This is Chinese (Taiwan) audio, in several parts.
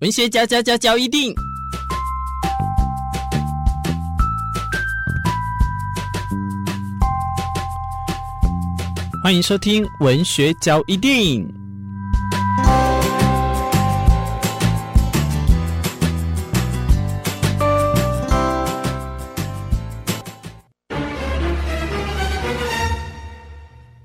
文學交交交交，一定！歡迎收聽《文學交一定》。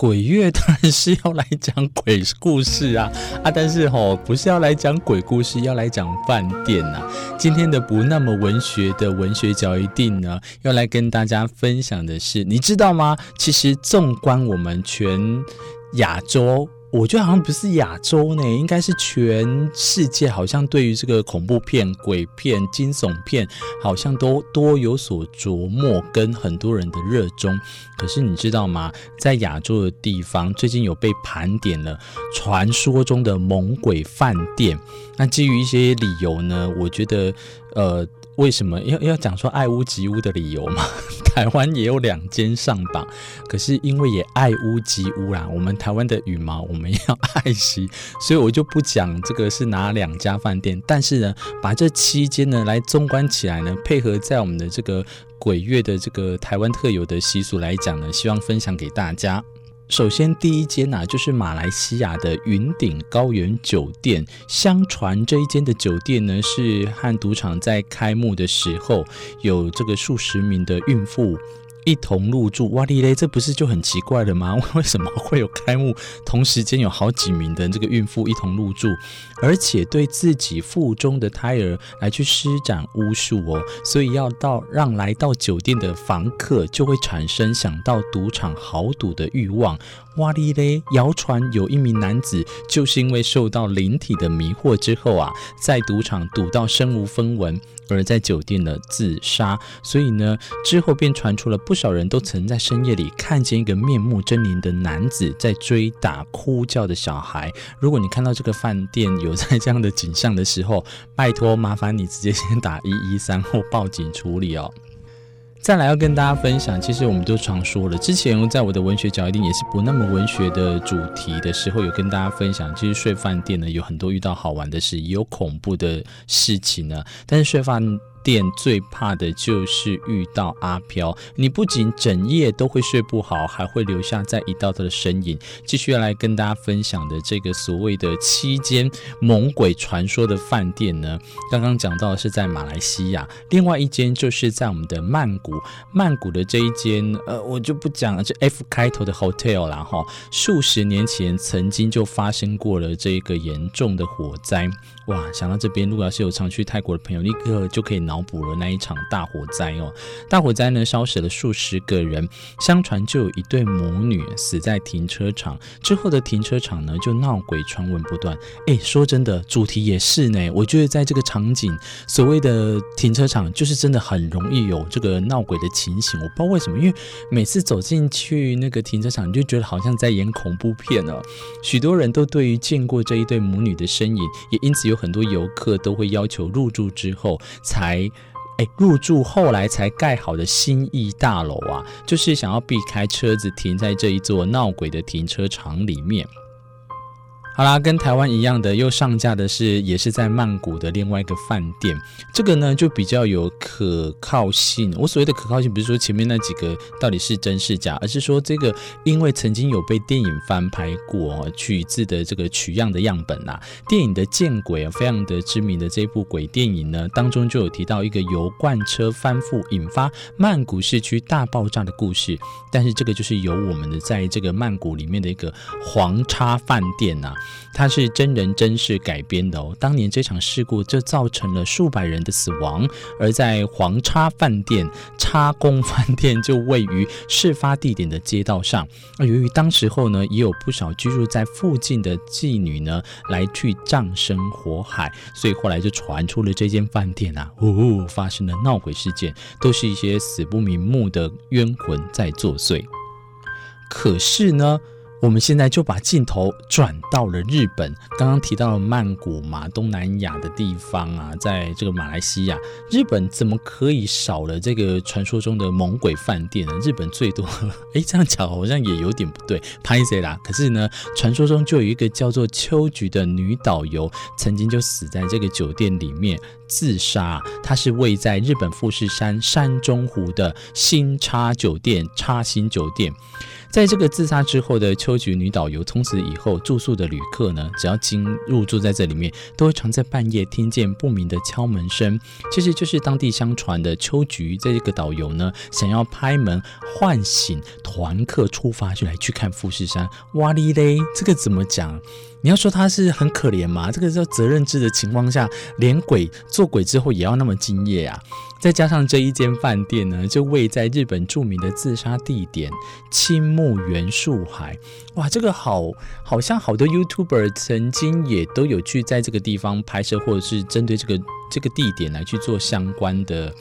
鬼月當然是要來講鬼故事啊啊！但是吼，不是要來講鬼故事，要來講飯店啊。今天的不那麼文學的文學角一定呢，要來跟大家分享的是，你知道嗎？其實縱觀我們全亞洲。我覺得好像不是亞洲呢，應該是全世界，好像對於這個恐怖片、鬼片、驚悚片，好像都多有所琢磨，跟很多人的熱衷。可是你知道嗎？在亞洲的地方，最近有被盤點了傳說中的猛鬼飯店。那基於一些理由呢，我覺得，呃。為什麼要要講說愛屋及烏的理由嘛？台灣也有兩間上榜，可是因為也愛屋及烏啦。我們台灣的羽毛我們要愛惜，所以我就不講這個是哪兩家飯店，但是呢，把這七間呢來綜觀起來呢，配合在我們的這個鬼月的這個台灣特有的習俗來講呢，希望分享給大家。首先，第一間吶、啊，就是馬來西亞的雲頂高原酒店。相傳這一間的酒店呢，是和賭場在開幕的時候，有這個數十名的孕婦，一同入住，哇哩咧，這不是就很奇怪了嗎？為什麼會有開幕同時間有好幾名的這個孕婦一同入住，而且對自己腹中的胎兒來去施展巫術哦？所以要到讓來到酒店的房客就會產生想到賭場豪賭的欲望，哇哩咧，謠傳有一名男子就是因為受到靈體的迷惑之後啊，在賭場賭到身無分文。而在酒店呢自殺，所以呢之後便傳出了不少人都曾在深夜裡看見一個面目猙獰的男子在追打哭叫的小孩。如果你看到這個飯店有在這樣的景象的時候，拜託麻煩你直接先打一一三後報警處理哦。再來要跟大家分享，其實我們都常說了，之前在我的文學角一定也是不那麼文學的主題的時候，有跟大家分享，其實睡飯店呢有很多遇到好玩的事，也有恐怖的事情呢、啊，但是睡飯。店最怕的就是遇到阿飄，你不僅整夜都會睡不好，還會留下在一道道的身影。繼續要來跟大家分享的這個所謂的七間猛鬼傳說的飯店呢，剛剛講到的是在馬來西亞，另外一間就是在我們的曼谷，曼谷的這一間，呃，我就不講了，這 F 開頭的 hotel 啦哈，哦，數十年前曾經就發生過了這個嚴重的火災，哇，想到這邊，如果要是有常去泰國的朋友，立刻就可以拿。腦補了那一場大火災哦，大火災呢燒死了數十個人。相傳就有一對母女死在停車場。之後的停車場呢就鬧鬼傳聞不斷。誒，說真的，主題也是呢。我覺得在這個場景，所謂的停車場就是真的很容易有這個鬧鬼的情形。我不知道為什麼，因為每次走進去那個停車場，你就覺得好像在演恐怖片呢，哦。許多人都對於見過這一對母女的身影，也因此有很多遊客都會要求入住之後才。哎，入住後來才蓋好的新義大樓啊，就是想要避開車子停在這一座鬧鬼的停車場裡面。好啦，跟台灣一樣的又上架的是，也是在曼谷的另外一個飯店。這個呢就比較有可靠性。我所謂的可靠性，不是說前面那幾個到底是真是假，而是說這個因為曾經有被電影翻拍過，取自的這個取樣的樣本吶、啊。電影的《見鬼》啊，非常的知名的這部鬼電影呢，當中就有提到一個油罐車翻覆引發曼谷市區大爆炸的故事。但是這個就是由我們的在這個曼谷裡面的一個黃叉飯店吶、啊。它是真人真事改編的哦。當年這場事故，就造成了數百人的死亡。而在黃叉飯店、叉工飯店就位於事發地點的街道上。那由於當時候呢，也有不少居住在附近的妓女呢，來去葬身火海。所以後來就傳出了這間飯店啊，哦，嗚，發生了鬧鬼事件，都是一些死不瞑目的冤魂在作祟。可是呢？我們現在就把鏡頭轉到了日本。剛剛提到了曼谷嘛，東南亞的地方啊，在這個馬來西亞，日本怎麼可以少了這個傳說中的猛鬼飯店呢？日本最多，哎，這樣講好像也有點不對，歹勢啦。可是呢，傳說中就有一個叫做秋菊的女導遊，曾經就死在這個酒店裡面自殺。她是位在日本富士山山中湖的新叉酒店，叉新酒店。在這個自殺之後的秋菊女導遊，從此以後住宿的旅客呢，只要進入住在這裡面，都會常在半夜聽見不明的敲門聲。其實就是當地相傳的秋菊這個導遊呢，想要拍門喚醒團客出發就來去看富士山。哇哩嘞，這個怎麼講？你要說他是很可憐嗎？這個叫責任制的情況下，連鬼做鬼之後也要那麼敬業啊！再加上這一間飯店呢，就位在日本著名的自殺地點，青木原樹海。哇，這個好，好像好多 YouTuber 曾經也都有去在這個地方拍攝，或者是針對這個這個地點來去做相關的。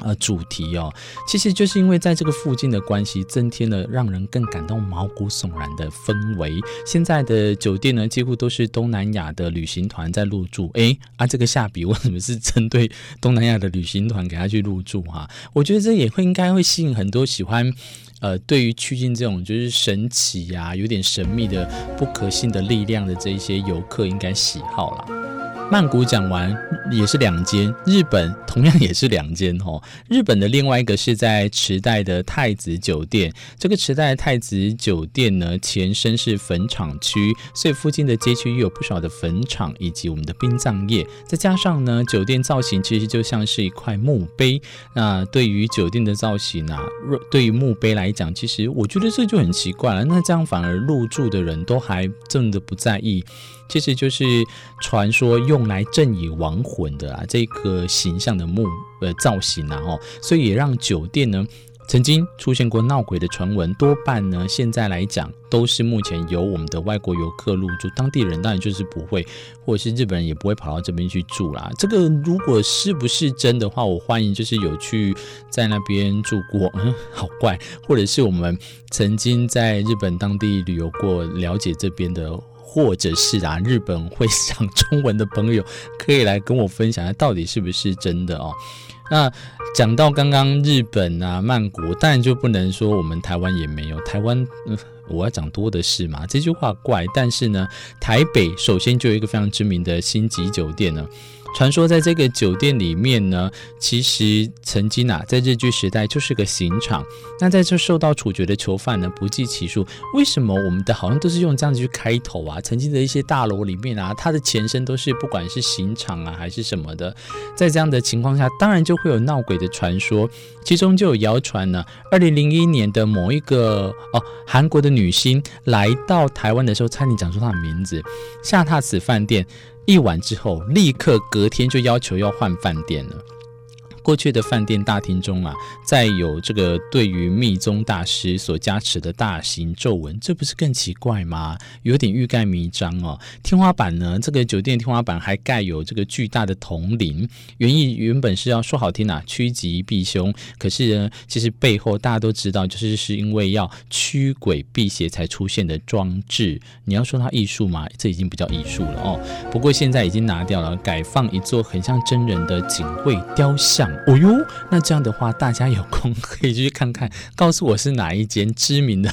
呃，主題哦，其實就是因為在這個附近的關係，增添了讓人更感到毛骨悚然的氛圍。現在的酒店呢，幾乎都是東南亞的旅行團在入住。哎，啊，這個下筆為什麼是針對東南亞的旅行團給他去入住哈、啊？我覺得這也會應該會吸引很多喜歡，呃，對於趨近這種就是神奇呀、啊、有點神秘的不可信的力量的這些遊客應該喜好了。曼谷講完也是兩間，日本同樣也是兩間。哈，日本的另外一個是在池袋的太子酒店。這個池袋太子酒店呢，前身是墳場區，所以附近的街區又有不少的墳場以及我們的殯葬業。再加上呢，酒店造型其實就像是一塊墓碑。那對於酒店的造型呢，啊，若對於墓碑來講，其實我覺得這就很奇怪了。那這樣反而入住的人都還真的不在意。其實就是傳說用來鎮以亡魂的啊，這個形象的木呃造型啊，哦，所以也讓酒店呢曾經出現過鬧鬼的傳聞。多半呢，現在來講都是目前由我們的外國遊客入住，當地人當然就是不會，或者是日本人也不會跑到這邊去住啦。這個如果是不是真的話，我歡迎就是有去在那邊住過，嗯，好怪，或者是我們曾經在日本當地旅遊過，了解這邊的。或者是啊，日本會講中文的朋友可以來跟我分享一下，到底是不是真的哦？那講到剛剛日本啊、曼谷，當然就不能說我們台灣也沒有。台灣、呃，我要講多的是嘛。這句話怪，但是呢，台北首先就有一個非常知名的星級酒店呢。傳說在這個酒店裡面呢，其實曾經啊，在日據時代就是個刑場。那在這受到處決的囚犯呢，不計其數。為什麼我們的好像都是用這樣子去開頭啊？曾經的一些大樓裡面啊，它的前身都是不管是刑場啊，還是什麼的。在這樣的情況下，當然就會有鬧鬼的傳說。其中就有謠傳呢，二零零一年的某一個哦，韓國的女星來到台灣的時候，餐你講出她的名字，下榻此飯店。一晚之後，立刻隔天就要求要換飯店了。過去的飯店大廳中啊，再有這個對於密宗大師所加持的大型咒文，這不是更奇怪嗎？有點欲蓋彌彰哦。天花板呢，這個酒店天花板還蓋有這個巨大的銅鈴，原意原本是要說好聽啊，趨吉避凶。可是呢，其實背後大家都知道，就是是因為要驅鬼避邪才出現的裝置。你要說它藝術嗎？這已經不叫藝術了哦。不過現在已經拿掉了，改放一座很像真人的警衛雕像。哦呦，那這樣的話，大家有空可以去看看，告訴我是哪一間知名的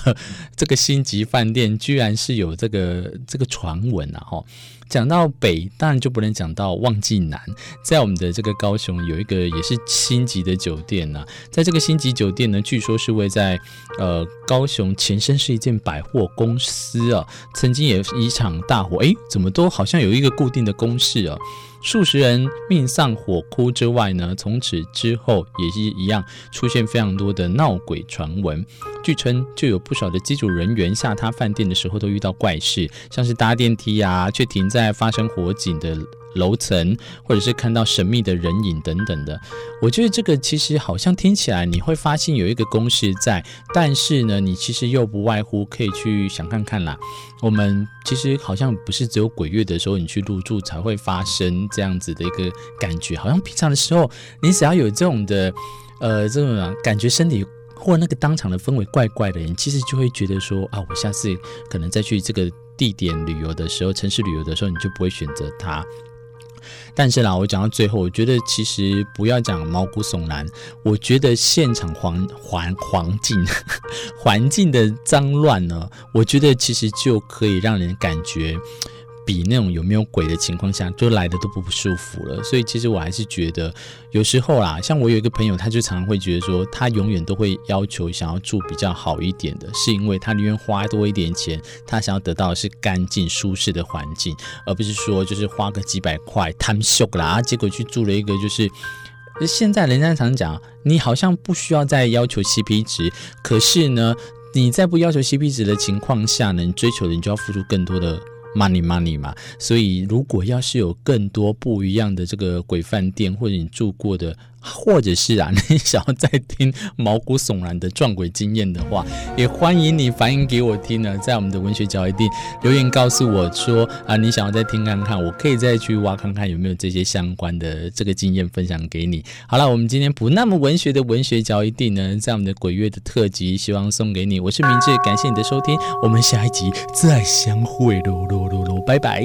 這個星級飯店，居然是有這個這個傳聞啊。哈。講到北，當然就不能講到忘記南，在我們的這個高雄有一個也是星級的酒店呢、啊，在這個星級酒店呢，據說是位在呃高雄前身是一間百貨公司啊，曾經也一場大火，哎，怎麼都好像有一個固定的公式啊。數十人命喪火窟之外呢，從此之後也是一樣出現非常多的鬧鬼傳聞。據稱，就有不少的機組人員下榻飯店的時候都遇到怪事，像是搭電梯啊，卻停在發生火警的。樓層，或者是看到神秘的人影等等的，我覺得這個其實好像聽起來，你會發現有一個公式在，但是呢，你其實又不外乎可以去想看看啦。我們其實好像不是只有鬼月的時候你去入住才會發生這樣子的一個感覺，好像平常的時候，你只要有這種的，呃，這種感覺身體或那個當場的氛圍怪怪的，你其實就會覺得說啊，我下次可能再去這個地點旅遊的時候，城市旅遊的時候，你就不會選擇它。但是啦，我講到最後，我覺得其實不要講毛骨悚然，我覺得現場環環環境呵呵環境的髒亂呢，我覺得其實就可以讓人感覺。比那種有沒有鬼的情況下，就來的都不,不舒服了。所以其實我還是覺得，有時候啦，像我有一個朋友，他就常常會覺得說，他永遠都會要求想要住比較好一點的，是因為他寧願花多一點錢，他想要得到的是乾淨舒適的環境，而不是說就是花個幾百塊貪羞啦，結果去住了一個就是現在人家常,常講，你好像不需要再要求 C P 值，可是呢，你在不要求 C P 值的情況下呢，你追求的你就要付出更多的。money money 嘛，所以如果要是有更多不一樣的這個鬼飯店，或者你住過的。或者是啊，你想要再聽毛骨悚然的撞鬼經驗的話，也歡迎你反映給我聽呢，在我們的文學角一定留言告訴我說啊，你想要再聽看看，我可以再去挖看看有沒有這些相關的這個經驗分享給你。好了，我們今天不那麼文學的文學角一定呢，在我們的鬼月的特輯，希望送給你。我是明智，感謝你的收聽，我們下一集再相會嘍嘍嘍嘍，拜拜。